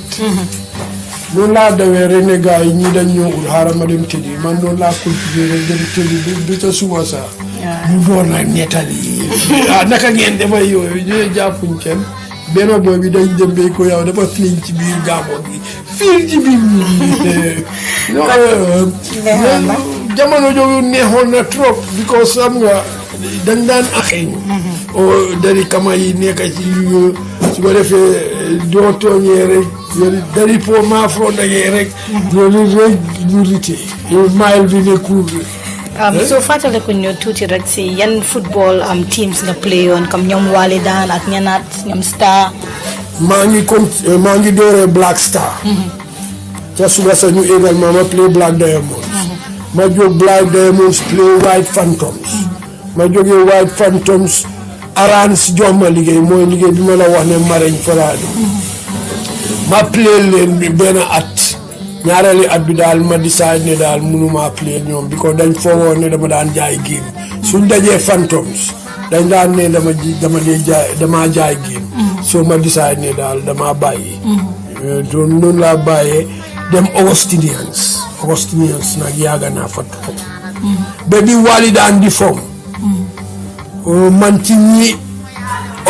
loolu mhm. laa dawee rek ne dañ ñëw ut xaaral ma dem tëddi man loolu laa cultivé rek dem tëddi [LAUGHS] ah, bi dañ jëmbee ko yow dafa fiiñ ci biir bi fiiñ ci biir ñoom [LAUGHS] [LAUGHS] jamono jooju neexoon na trop because am nga dañ daan axeeñu mhm. dari kama yi nekk ci yu su ko defee doo tooñee rek dari po maa foo dagee rek loolu mhm. rek ñu ritee yow maayal bi ne kuur so fàttali ko ñu tuuti rek si yan football am teams nga play woon comme ñoom Walidaan ak ñanaat ñoom Star maa ngi comme maa ngi dooree Black Star mhm. ca suba sa ñu ma play Black Diamonds ma jóg Black Diamonds play White Phantoms ma jógee White Phantoms Arans jox ma liggéey mooy liggéey bi ma na wax ne Marañ Faraadi ma play leen benn at ñaareeli at bi daal ma decide ne daal mënuma play ñoom bi ko dañ foogoon ne dama daan jaay géem suñ dajee Phantoms dañ daan ne dama ji dama dee jaay damaa soo ma decide ne daal dama bàyyi eh, doon noonu laa bàyyee dem Augustinians Augustinians nag yàgg naa fa toog mm. ba bi Wally daan di fomm man ci ñi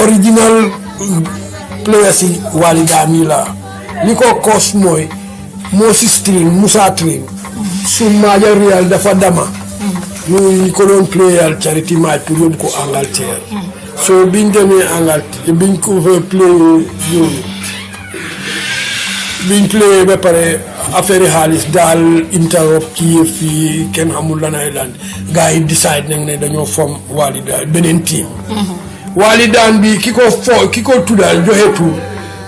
original players yi Walidaa mi la li ko cause mooy Moses Trin Musa Trin su maaja real dafa dama ñu ko doon playal charity match pour yóbbu ko Angleterre so biñ demee Angleterre biñ ko fa play yooyu biñ play ba pare affaire yi xaalis daal interop ci yëf yi kenn xamul lanay lan gars yi decide nañ ne dañoo form Walidaan beneen team. Mhm. Walidaan bi ki ko fo ki ko tuddaal joxe tur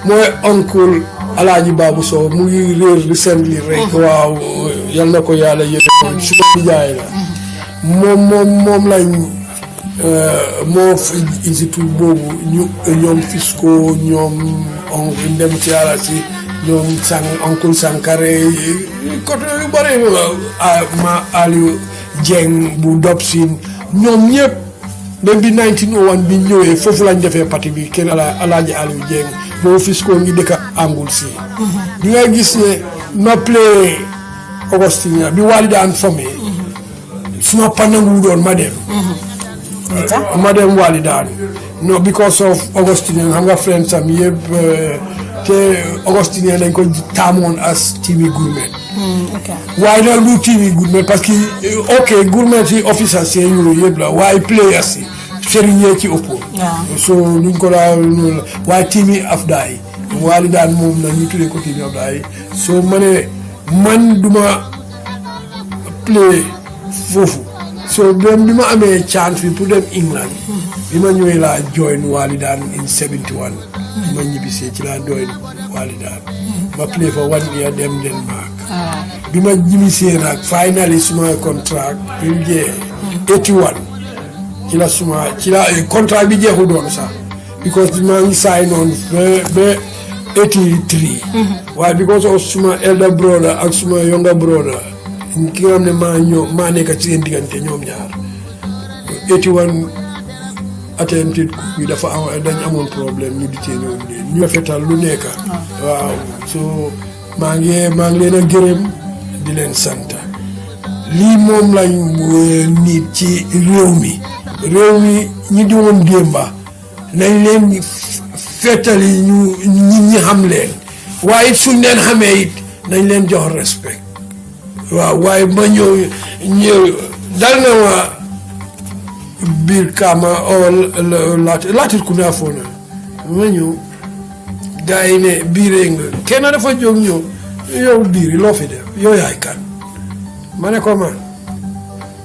mooy oncle Alaaji Baabu Sow mu ngi réer recently rek. Mhm. waaw yal na ko yàlla yëngu su ko jaay la. Mhm. moom moom moom euh, ñoom fisco yàlla si. ñoom sang oncle Sankare côté yu bëri ah, ma Aliou Dieng bu Dobsin ñoom ñëpp même oh bi 1901 bi ñëwee foofu lañ defee parti bi kër Alaaji Aliou Dieng boo fis ko ñu dëkk angul si mhm. di nga gis ne nopplee Augustina bi wàlli daan fome suma panangu doon ma dem ma mhm. dem wàlli daan non because of Augustina xam nga friends am yëpp te Augustinien nañ ko taamoon as tiimi gourmet. Hmm, waaye nag lu tiimi gourmet parce que euh, ok gourmet si officers yi yooyu yëpp la waaye players yi sëriñ yee ci ëppoon. so luñ ko daa noonu la waaye tiimi afda yi. waali daan moom la ñu tuddee ko tiimi afda yi soo mënee man duma play foofu. so dem bi ma amee chance bi pour dem England. bi ma ñëwee laa join waali daan in 71. ma ñibbisee ci laa doy walidaal ma play fa one year dem Denmark bi ah. ma ñibbisee nag finally suma contrat bi mu jeexee eighty ci la suma ci la eh, contrat bi jeexu doon sax because maa ngi sign on ba 83 mm-hmm. waaye because of suma elder brother ak suma younger brother ki ne maa ñoo maa nekk ci seen diggante ñoom ñaar 81 attended yi dafa am dañ amoon problème ñu di cee ñëw ñu rafetal lu nekk. waaw so maa ngi maa ngi leen a di leen sant lii moom lañ nit ci réew mi réew mi ñi di woon démba nañ leen fettali ñu ñi ñi xam leen waaye suñ leen xamee it nañ leen jox respect waaw waaye ma ñëw ñëw na ma biir kaama laatirku naa foo na ma ñëw gaa yi ne biiree nga kenn dafa jóg ñëw yow biiri loo fi def yow yaay kan ma ne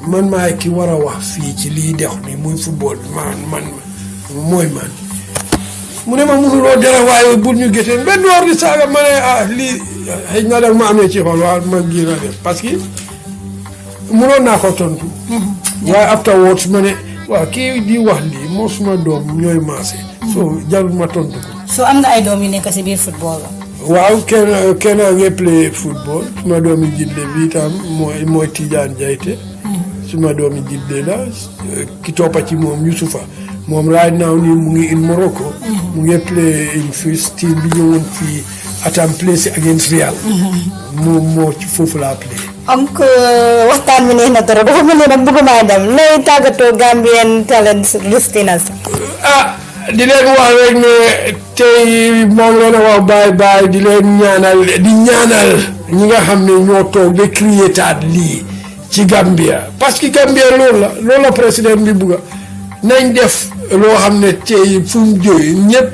man maay ki war a wax fii ci lii dex ni muy football bi man man mooy man mu ne ma musuloo dara waaye bul ñu géteen benn door di saaga ma ne ah lii xëy na danga ma amee ci xol waa ma gii na def parce que mënoon naa ko tontu waaye afterwards ma ne waaw kii di wax lii moo suma doom ñooy maase. so jarul ma tontu ko. am nga ay doom yu nekk si biir football waaw kenn kenn a ngi play football suma doomi jible bi tam mooy mooy Tidiane Jaite. Mm-hmm. suma doomi jible la ki toppa ci moom Yusufa moom right now nii mu ngi in Morocco. Mm-hmm. mu ngi play in first team bi ñëwoon fii atam play si against Real. Mm-hmm. moom moo ci laa play. Onku watan menih na toro buku menih na buku madam Nai taga gato Gambian talent listinas. Ah, dileg wawe ni te mongo na wa bye bye dileg nyanal di nyanal ñi nga xamne ño tok created li ci Gambia parce que Gambia lola lola lool la président bi buga nañ def lo xamne te fum joy ñep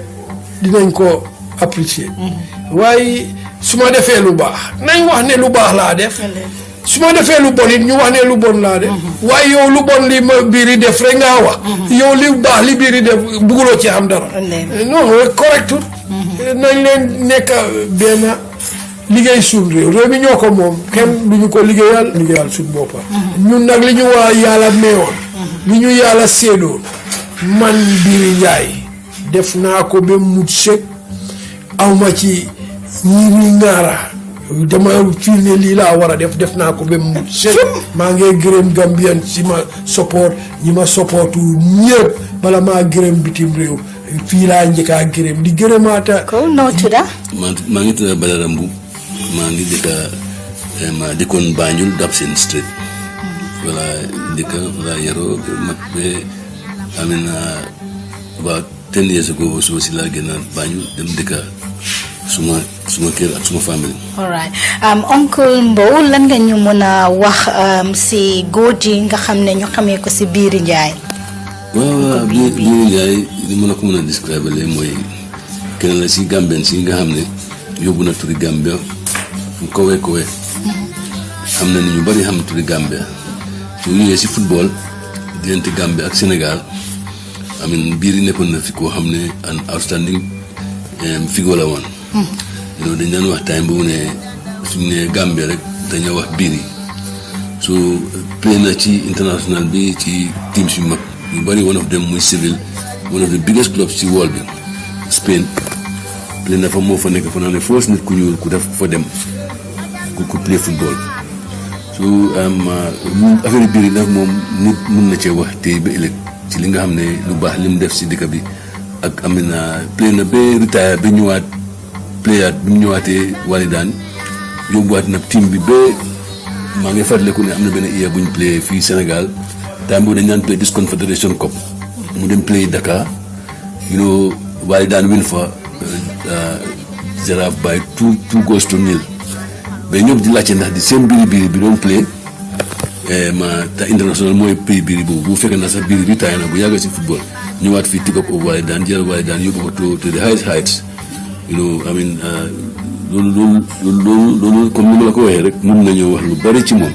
dinañ ko apprécier mm-hmm. waye suma defé lu baax nañ wax ne lu la def su ma defee lu bon ñu wax ne lu bon laa de mhm. waaye yow lu bon li ma biiri def rek ngaa wax mhm. yow li baax li biiri def bugguloo ci am dara non correct mhm. nañ leen nekk benn liggéey suñ réew réew mi ñoo ko moom kenn du ñu ko liggéeyal liggéeyal suñ boppa ñun nag li ñu waa yàlla meewoon li ñu yàlla séedoon man biiri njaay def naa ko ba mut sëg awma ci ñi ñi ngaara dama fil li lila wara def def na ko bem mu ma ngi Gambian ci ma support ñi ma supportu ñepp bala ma gërem bitim rew fi la ñika gërem di gërëmaata. ko no tuda ma ngi tuda balarambu ma ngi dika eh, ma dëkkoon Dabsin Street wala dika wala yaro mak be amee ba 10 ten years ago so si la gëna bañul dem dika suma suma kër ak suma famille alright um uncle mbow lan nga ñu mëna wax um, si goji nga xam ñu xamé ko ci biir ndjay wa waaw biiri li mëna ko mëna describe lé moy kenn la si gambien ci nga xamné yobu na turi gambia fu kowe ko wé amna ni ñu bari xam turi gambia su ñëwee si football diggante gambia ak sénégal amin biiri nekkoon na fi ko xam an outstanding um, figure la won loolu dañ daan wax time bu mu ne suñu nee Gambie rek dañoo wax biir yi so play na ci international bi ci teams yu mag yu bari one of them muy Seville one of the biggest clubs ci world bi Spain play na fa moo fa nekk fa naa ne foos nit ku ñuul ku def fa dem ku ku play football so uh, affaire biir yi nag moom nit mun na cee wax tey ba ëllëg ci li nga xam ne lu baax li mu def si dëkk bi ak am play na ba retire ba ñëwaat playaat bi mu ñëwaatee walidaan yóbbuwaat nag team bi ba maa ngi fàttaliku ne am na benn IA bu ñu playé fii Sénégal time boobu dañ naan play dis confédération cup mu dem play Dakar you know walidaan win fa euh, Jaraaf by two two goals to nil mais ñëpp di laajte ndax di seen biri biri bi doon play eh, ma te international mooy pays biri boobu bu fekkee na sax biri bi taay na bu yàgg si football ñëwaat fii tig up walidaan jël walidaan yóbbu ko to the highest heights you know I mean loolu uh, loolu loolu loolu comme ni ma la ko waxee rek mun nañoo wax lu bari ci moom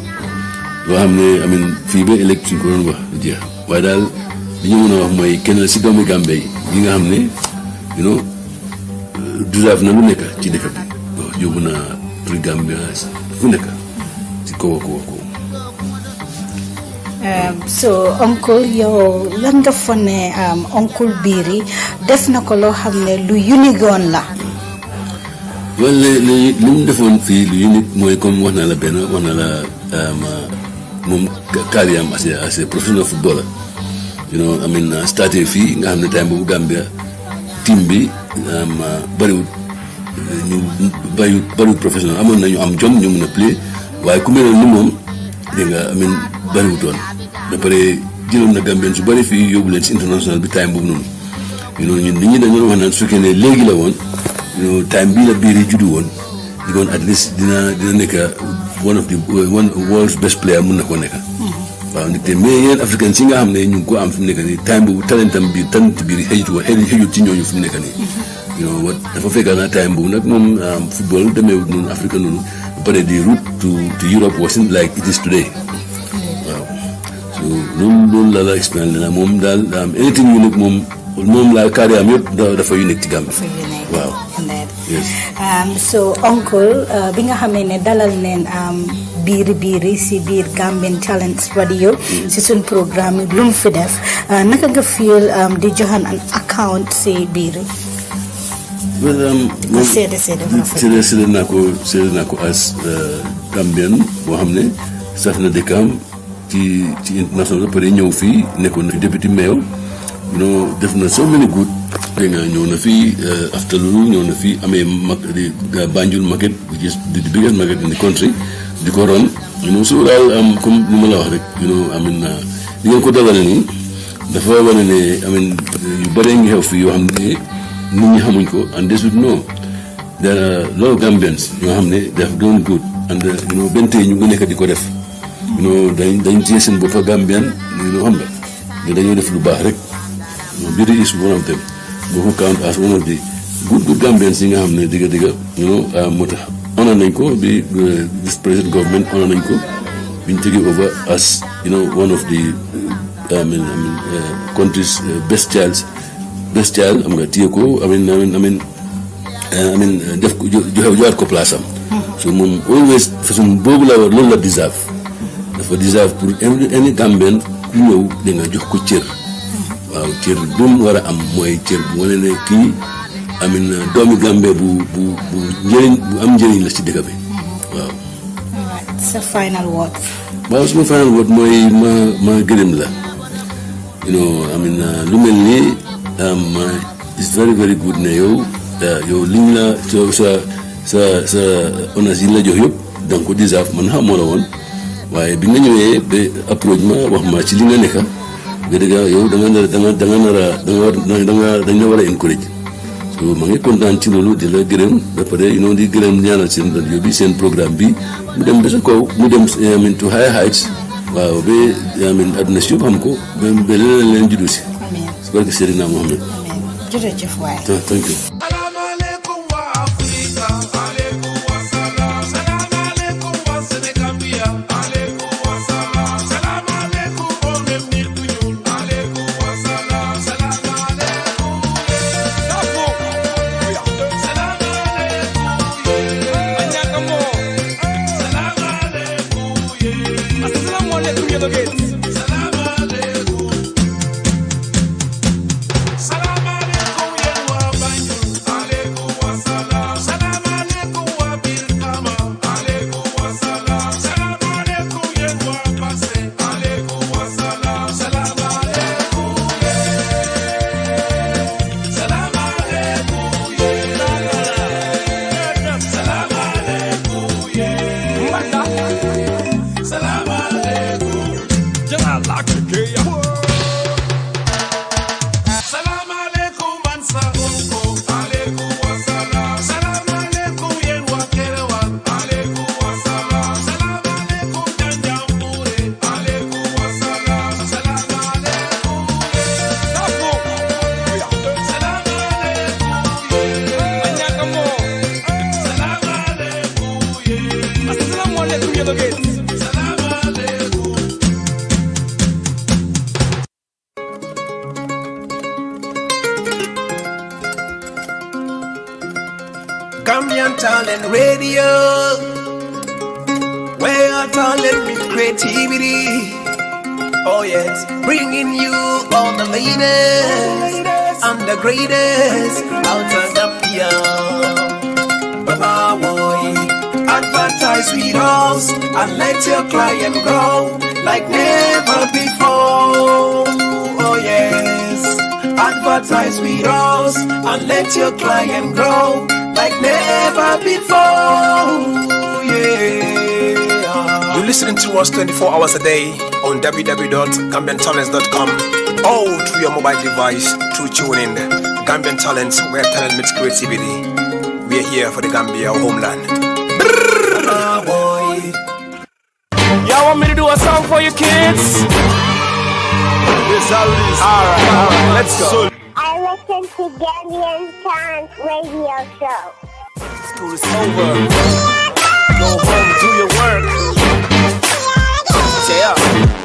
loo xam ne I mean fii ba ëllëg suñ ko wax lu jeex waaye daal li ñu mën a wax mooy kenn la si doomi Gàmbi yi nga xam ne you know euh, dusaaf na lu nekk ci dëkk bi waaw yóbbu naa prix Gambia Um, so oncle yow lan nga foog ne oncle um, Biri def na ko loo xam ne lu unique woon la. wala li li mu defoon fii lu unique mooy comme wax naa la benn wax naa la um, moom carrière am assez assez professionnel footballeur you know I mean starté fii nga xam ne time boobu Gambia team bi bëriwut ñu bëriwut bëriwut amoon na ñu am jom ñu mun a play waaye ku mel ni moom dégg I mean bëriwutoon. da pare jëloon na su bëri fii yóbbu leen si bi time boobu noonu ñu noonu ñun nit ñi dañu wax su fekkee ne la woon ñu bii la biir yi juddu woon di koon at least dina dina nekk one of the one world's mun na koo nekk. waaw nit te mais yeneen nga xam ne ñu ngi ko am fi mu nekk nii time boobu talentam biir talent biir xëyut woon xëyut ci ñooñu fi mu nekk na time boobu nag moom um, football demeewul noonu Afrique noonu ba pare di route to to Europe wasn't like it is today loolu loolu la la moom daal anything unique moom laa carrière am yëpp dafa unique ci Gambie. waaw. Um, so oncle uh, xam ne dalal neen um, biiri biiri si biir Gambian Talents Radio mm-hmm. si suñ programme lu fi def uh, naka nga um, di joxan an account si biiri nga seede seede seede naa ko seede naa ko as uh, Gambian boo ne saf na dëkkaam ci ci international pare ñëw fii nekkoon na fi député maire def na so many good dégg nga ñëw na fii euh, aftalulu ñëw na fii amee mag di Banjul market which is the biggest market in the country di ko ron ñu moom su daal am comme ni ma la wax rek ñu know amin na uh, li ngeen ko dalale nii dafa wane ne yu bëree ngi fii yoo xam ne nit ñi xamuñ ko and des no there are lot of Gambians ñoo xam ne daf doon good and uh, benn tey ñu ngi nekk di ko def ñoo dañ dañ téye seen bopp Gambien ñu ngi xam def lu baax rek bi bii di ISU one of count as one of the good Gambians si nga xam ne digga digga ñoo ah, moo tax honor nañ ko bi this present government nañ ko biñ tegee over as you know one of the eh, I mean I eh, countries eh, best child best child am nga téye ko amin amin amin amin def ko joxe joxaat ko place am mm-hmm. so moom always façon boobu la war loolu la deserve dafa disave pour un Gambien ku ñëw di nga jox ko cër waaw cër bu mu am mooy cër bu wane kii amin doomi Gambie bu bu bu bu am njëriñ la ci dëkk waaw. sa final word. waaw mooy ma ma la you know amin lu mel nii it's very very good ne yow yow liñ la sa sa sa sa la jox yëpp donc ko disave man xamoo la waaye bi nga ñëwee ba approche ma wax ma ci li nga nekk nga dëgg yow da nga nar da nga da da nga da nga dañ la war a encourage so ma ngi kontaan ci loolu di la gërëm ba pare you know di gërëm ñaanal seen rajo bi seen programme bi mu dem ba sa kaw mu dem I eh, mean to high heights waaw ba eh, I mean àdduna si yëpp xam ko ba ba leneen leen juddu si. amiin parce que Seydina Mohamed. amiin jërëjëf like never before. Oh, yes. Advertise with us and let your client grow like never before. Yeah. You're listening to us 24 hours a day on www.gambiantalents.com. or through your mobile device, through tuning. Gambian Talents, where talent meets creativity. We are here for the Gambia, homeland. Y'all want me to do a song for your kids? Yes, i Alright, alright, let's go. I listen to Daddy Times radio show. School is over. Go home, do your work. Yeah.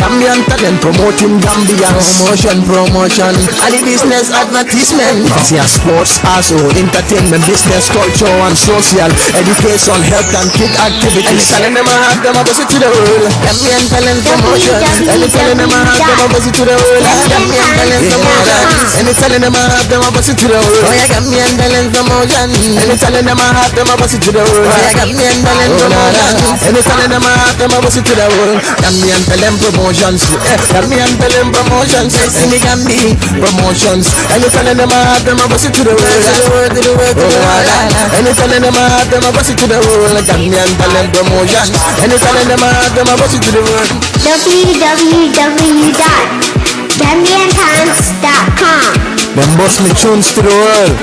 Gambian talent promoting Gambian Promotion, promotion And the business advertisement See sports, also entertainment, business, culture and social Education, health and kid activities Any talent them have, them a bust it to the world Gambian talent promotion Any talent them have, them a bust it to the world Gambian talent promotion Any talent them have, them a bust it to the world Oh yeah, Gambian talent promotion Any talent them have, them a bust it to the world Oh yeah, Gambian talent promotion Any talent them have, them a bust it to the world Gambian talent promotion promotions. Eh, got me and them promotions. They see me can be promotions. Any fella them I have them I bust it to the world. To the world, to the world, to the oh, world. Ah, ah. Any fella them I have them I bust it to the world. Got me and them promotions. Any fella them I have them I bust it to the world. www.gambiantimes.com Then bust me tunes to the world.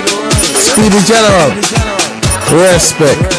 Speedy General. Respect.